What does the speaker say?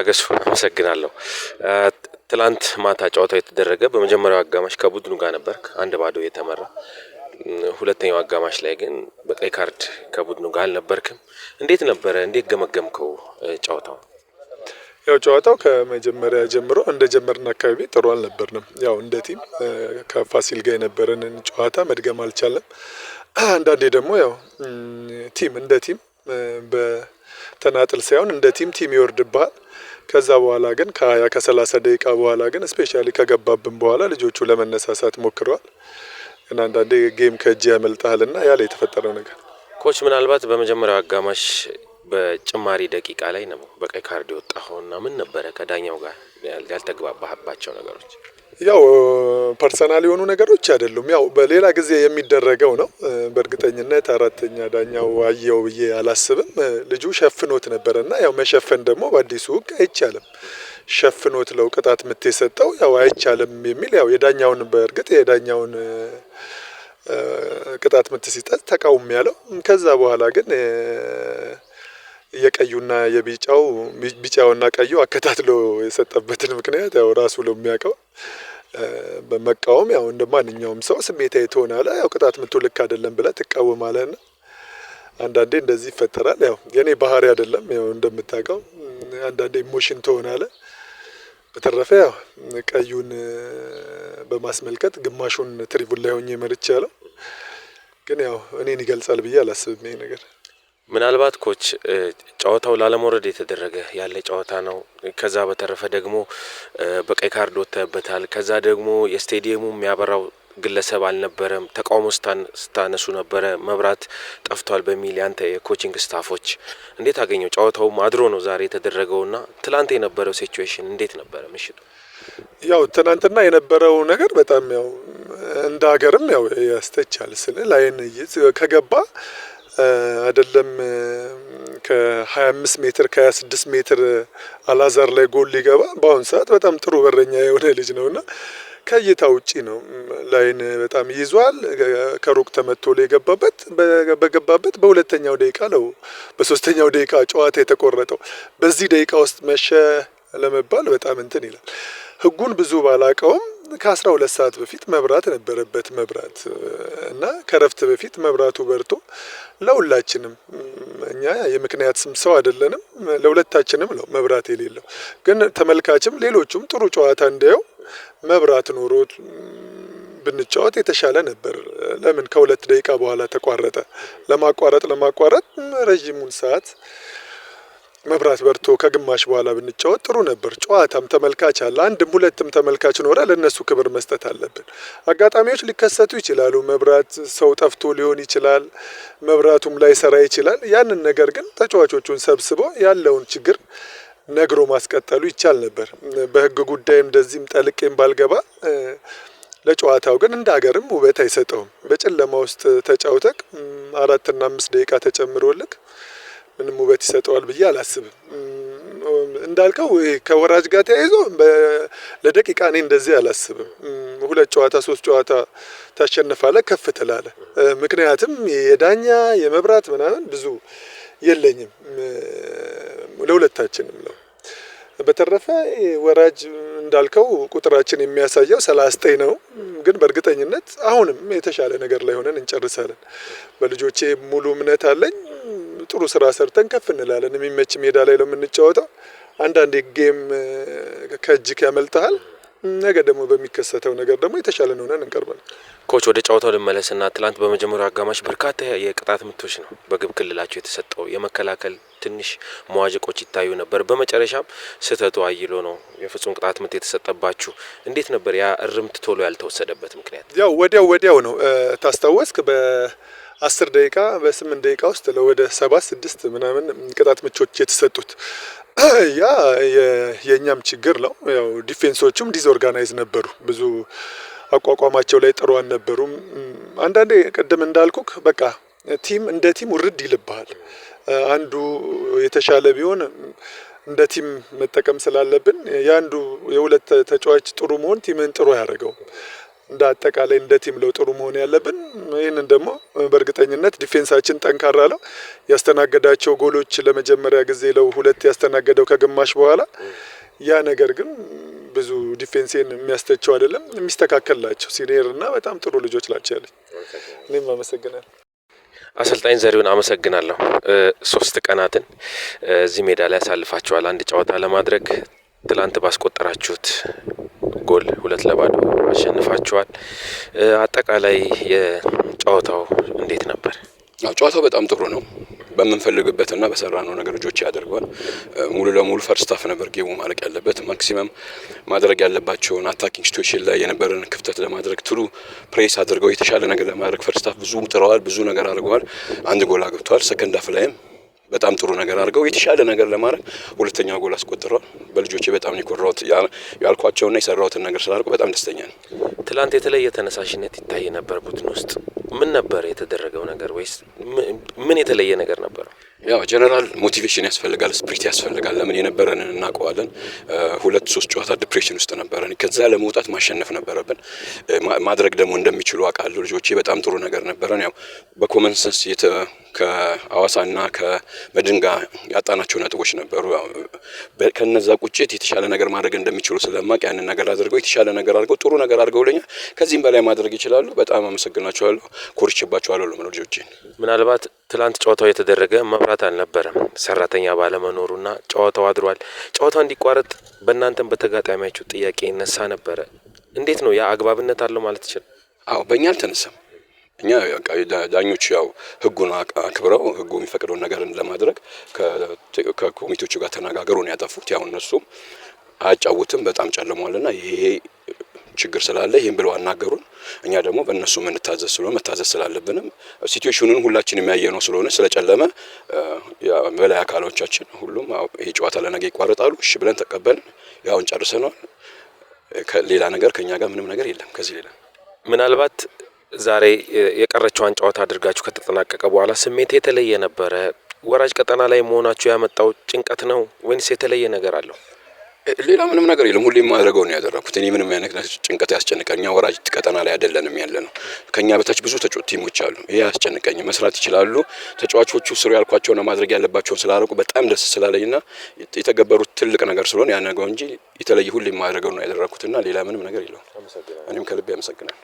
አገሱ አመሰግናለሁ። ትላንት ማታ ጨዋታው የተደረገ በመጀመሪያው አጋማሽ ከቡድኑ ጋር ነበር አንድ ባዶ የተመራ ሁለተኛው አጋማሽ ላይ ግን በቀይ ካርድ ከቡድኑ ጋር አልነበርክም። እንዴት ነበረ? እንዴት ገመገምከው ጨዋታው? ያው ጨዋታው ከመጀመሪያ ጀምሮ እንደ ጀመርን አካባቢ ጥሩ አልነበርንም። ያው እንደ ቲም ከፋሲል ጋር የነበረንን ጨዋታ መድገም አልቻለም። አንዳንዴ ደግሞ ያው ቲም እንደ ቲም በተናጥል ሳይሆን እንደ ቲም ቲም ይወርድብሃል። ከዛ በኋላ ግን ከሀያ ከሰላሳ ደቂቃ በኋላ ግን ስፔሻሊ ከገባብን በኋላ ልጆቹ ለመነሳሳት ሞክረዋል። እና አንዳንዴ ጌም ከእጅ ያመልጣል እና ያለ የተፈጠረው ነገር ኮች ምናልባት በመጀመሪያው አጋማሽ በጭማሪ ደቂቃ ላይ ነው በቀይ ካርድ ሆና ምን ነበረ ከዳኛው ጋር ያልተግባባህባቸው ነገሮች? ያው ፐርሰናል የሆኑ ነገሮች አይደሉም። ያው በሌላ ጊዜ የሚደረገው ነው። በእርግጠኝነት አራተኛ ዳኛው አየው ብዬ አላስብም። ልጁ ሸፍኖት ነበረ እና ያው መሸፈን ደግሞ በአዲሱ ሕግ አይቻልም። ሸፍኖት ለው ቅጣት ምት የሰጠው ያው አይቻልም የሚል ያው የዳኛውን በእርግጥ የዳኛውን ቅጣት ምት ሲጠት ተቃውም ያለው ከዛ በኋላ ግን የቀዩና የቢጫው ቢጫውና ቀዩ አከታትሎ የሰጠበትን ምክንያት ያው ራሱ ለሚያውቀው በመቃወም ያው እንደ ማንኛውም ሰው ስሜታዊ ትሆናለህ። ያው ቅጣት ምቱ ልክ አይደለም ብለህ ትቃወማለህ አንዳንዴ እንደዚህ ይፈጠራል። ያው የኔ ባህሪ አይደለም፣ ያው እንደምታውቀው አንዳንዴ ኢሞሽን ትሆናለህ። በተረፈ ያው ቀዩን በማስመልከት ግማሹን ትሪቡን ላይ ሆኜ መርቻለሁ፣ ግን ያው እኔን ይገልጻል ብዬ አላስብም ይሄ ነገር። ምናልባት ኮች ጨዋታው ላለመውረድ የተደረገ ያለ ጨዋታ ነው። ከዛ በተረፈ ደግሞ በቀይ ካርድ ወጥተበታል። ከዛ ደግሞ የስቴዲየሙ የሚያበራው ግለሰብ አልነበረም። ተቃውሞ ስታነሱ ነበረ። መብራት ጠፍቷል በሚል ያንተ የኮችንግ ስታፎች እንዴት አገኘው? ጨዋታውም አድሮ ነው ዛሬ የተደረገው እና ትላንት የነበረው ሲቹዌሽን እንዴት ነበረ ምሽቱ? ያው ትናንትና የነበረው ነገር በጣም ያው እንደ ሀገርም ያው ያስተቻል ስል አይን ከገባ አይደለም ከ25 ሜትር ከ26 ሜትር አላዛር ላይ ጎል ሊገባ በአሁኑ ሰዓት በጣም ጥሩ በረኛ የሆነ ልጅ ነው እና ከእይታ ውጪ ነው። ላይን በጣም ይዟል። ከሩቅ ተመቶ የገባበት በገባበት በሁለተኛው ደቂቃ ነው በሶስተኛው ደቂቃ ጨዋታ የተቆረጠው። በዚህ ደቂቃ ውስጥ መሸ ለመባል በጣም እንትን ይላል። ህጉን ብዙ ባላቀውም ከአስራ ሁለት ሰዓት በፊት መብራት ነበረበት መብራት እና ከረፍት በፊት መብራቱ በርቶ ለሁላችንም እኛ የምክንያት ስም ሰው አይደለንም ለሁለታችንም ነው መብራት የሌለው ግን ተመልካችም ሌሎቹም ጥሩ ጨዋታ እንዲያው መብራት ኖሮት ብንጫወት የተሻለ ነበር። ለምን ከሁለት ደቂቃ በኋላ ተቋረጠ? ለማቋረጥ ለማቋረጥ ረዥሙን ሰዓት መብራት በርቶ ከግማሽ በኋላ ብንጫወት ጥሩ ነበር። ጨዋታም ተመልካች አለ፣ አንድም ሁለትም ተመልካች ኖረ፣ ለእነሱ ክብር መስጠት አለብን። አጋጣሚዎች ሊከሰቱ ይችላሉ። መብራት ሰው ጠፍቶ ሊሆን ይችላል፣ መብራቱም ላይሰራ ይችላል። ያንን ነገር ግን ተጫዋቾቹን ሰብስቦ ያለውን ችግር ነግሮ ማስቀጠሉ ይቻል ነበር። በህግ ጉዳይም እንደዚህም ጠልቄም ባልገባ ለጨዋታው ግን እንደ ሀገርም ውበት አይሰጠውም። በጨለማ ውስጥ ተጫውተክ አራትና አምስት ደቂቃ ተጨምሮልክ ምንም ውበት ይሰጠዋል ብዬ አላስብም። እንዳልከው ከወራጅ ጋር ተያይዞ ለደቂቃ እኔ እንደዚህ አላስብም። ሁለት ጨዋታ ሶስት ጨዋታ ታሸንፋለ፣ ከፍ ትላለ። ምክንያትም የዳኛ የመብራት ምናምን ብዙ የለኝም ለሁለታችንም ነው። በተረፈ ወራጅ እንዳልከው ቁጥራችን የሚያሳየው ሰላስጠኝ ነው፣ ግን በእርግጠኝነት አሁንም የተሻለ ነገር ላይ ሆነን እንጨርሳለን። በልጆቼ ሙሉ እምነት አለኝ። ጥሩ ስራ ሰርተን ከፍ እንላለን። የሚመች ሜዳ ላይ ነው የምንጫወተው። አንዳንዴ ጌም ከእጅክ ያመልጠሃል። ነገ ደግሞ በሚከሰተው ነገር ደግሞ የተሻለ ሆነን እንቀርባል። ኮች ወደ ጨዋታው ልመለስና ትላንት በመጀመሪያው አጋማሽ በርካታ የቅጣት ምቶች ነው በግብ ክልላቸው የተሰጠው። የመከላከል ትንሽ መዋዠቆች ይታዩ ነበር። በመጨረሻም ስህተቱ አይሎ ነው የፍጹም ቅጣት ምት የተሰጠባችሁ። እንዴት ነበር ያ እርምት ቶሎ ያልተወሰደበት ምክንያት? ያው ወዲያው ወዲያው ነው ታስታወስክ በ አስር ደቂቃ በስምንት ደቂቃ ውስጥ ለወደ ሰባት ስድስት ምናምን ቅጣት ምቾች የተሰጡት ያ የእኛም ችግር ነው። ያው ዲፌንሶቹም ዲስኦርጋናይዝ ነበሩ። ብዙ አቋቋማቸው ላይ ጥሩ አልነበሩም። አንዳንዴ ቅድም እንዳልኩክ በቃ ቲም እንደ ቲም ውርድ ይልብሃል። አንዱ የተሻለ ቢሆን እንደ ቲም መጠቀም ስላለብን የአንዱ የሁለት ተጫዋች ጥሩ መሆን ቲምን ጥሩ አያደርገውም። እንደ አጠቃላይ እንደ ቲም ለውጥሩ መሆን ያለብን። ይህንን ደግሞ በእርግጠኝነት ዲፌንሳችን ጠንካራ ነው። ያስተናገዳቸው ጎሎች ለመጀመሪያ ጊዜ ለው ሁለት ያስተናገደው ከግማሽ በኋላ ያ ነገር ግን ብዙ ዲፌንሴን የሚያስተቸው አይደለም። የሚስተካከልላቸው ሲኒየር እና በጣም ጥሩ ልጆች ናቸው ያለኝ። እኔም አመሰግናለሁ። አሰልጣኝ ዘሪሁን አመሰግናለሁ። ሶስት ቀናትን እዚህ ሜዳ ላይ ያሳልፋችኋል አንድ ጨዋታ ለማድረግ ትላንት ባስቆጠራችሁት ጎል ሁለት ለባዶ አሸንፋችኋል። አጠቃላይ የጨዋታው እንዴት ነበር? ጨዋታው በጣም ጥሩ ነው። በምንፈልግበትና በሰራነው ነገር ልጆች ያደርገዋል። ሙሉ ለሙሉ ፈርስታፍ ነበር ጌሙ ማለቅ ያለበት። ማክሲመም ማድረግ ያለባቸውን አታኪንግ ሲትዌሽን ላይ የነበረን ክፍተት ለማድረግ ትሉ ፕሬስ አድርገው የተሻለ ነገር ለማድረግ ፈርስታፍ ብዙ ጥረዋል፣ ብዙ ነገር አድርገዋል። አንድ ጎል አግብተዋል። ሰከንድ ሀፍ ላይም በጣም ጥሩ ነገር አድርገው የተሻለ ነገር ለማድረግ ሁለተኛ ጎል አስቆጥረዋል። በልጆቼ በጣም የኮራሁት ያልኳቸውና የሰራሁትን ነገር ስላደርጉ በጣም ደስተኛ ነው። ትላንት የተለየ ተነሳሽነት ይታይ ነበር ቡድን ውስጥ ምን ነበር የተደረገው ነገር ወይስ ምን የተለየ ነገር ነበረው? ያው ጀነራል ሞቲቬሽን ያስፈልጋል፣ ስፕሪት ያስፈልጋል። ለምን የነበረንን እናውቀዋለን። ሁለት ሶስት ጨዋታ ዲፕሬሽን ውስጥ ነበረን። ከዛ ለመውጣት ማሸነፍ ነበረብን። ማድረግ ደግሞ እንደሚችሉ አውቃለሁ። ልጆቼ በጣም ጥሩ ነገር ነበረን። ያው በኮመንሰንስ ከአዋሳና ከመድንጋ ያጣናቸው ነጥቦች ነበሩ። ከነዛ ቁጭት የተሻለ ነገር ማድረግ እንደሚችሉ ስለማቅ ያንን ነገር አድርገው የተሻለ ነገር አድርገው ጥሩ ነገር አድርገው ለኛ ከዚህም በላይ ማድረግ ይችላሉ። በጣም አመሰግናቸዋለሁ። ኮርችባቸዋለሁ። ልጆችን ምናልባት ትላንት ጨዋታው የተደረገ መብራት አልነበረም ሰራተኛ ባለመኖሩና ጨዋታው አድሯል። ጨዋታው እንዲቋረጥ በእናንተም በተጋጣሚያችሁ ጥያቄ ይነሳ ነበረ። እንዴት ነው ያ አግባብነት አለው ማለት ይችላል? አዎ በእኛ አልተነሳም። እኛ ዳኞች ያው ህጉን አክብረው ህጉ የሚፈቅደውን ነገርን ለማድረግ ከኮሚቴዎቹ ጋር ተነጋገሩ ነው ያጠፉት። ያው እነሱም አያጫውትም በጣም ጨልሟልና ይሄ ችግር ስላለ ይህም ብለው አናገሩን። እኛ ደግሞ በእነሱ የምንታዘዝ ስለሆነ መታዘዝ ስላለብንም ሲትዌሽኑን ሁላችን የሚያየ ነው ስለሆነ ስለጨለመ በላይ አካሎቻችን ሁሉም ይሄ ጨዋታ ለነገ ይቋረጣሉ እሺ ብለን ተቀበልን። ያውን ጨርሰነዋል። ሌላ ነገር ከእኛ ጋር ምንም ነገር የለም ከዚህ ሌላ ምናልባት ዛሬ የቀረችዋን ጨዋታ አድርጋችሁ ከተጠናቀቀ በኋላ ስሜት የተለየ ነበረ። ወራጅ ቀጠና ላይ መሆናችሁ ያመጣው ጭንቀት ነው ወይንስ የተለየ ነገር አለው? ሌላ ምንም ነገር የለም። ሁሌ የማደርገው ነው ያደረኩት። እኔ ምንም አይነት ጭንቀት ያስጨንቀኝ እኛ ወራጅ ቀጠና ላይ አይደለንም ያለ ነው። ከኛ በታች ብዙ ቲሞች አሉ። ይሄ ያስጨንቀኝ መስራት ይችላሉ። ተጫዋቾቹ ስሩ ያልኳቸውና ማድረግ ያለባቸውን ስላረቁ በጣም ደስ ስላለኝና የተገበሩት ትልቅ ነገር ስለሆነ ያነገው እንጂ የተለየ ሁሌ የማደርገው ነው ያደረኩትና ሌላ ምንም ነገር የለውም። እኔም ከልቤ አመሰግናለሁ።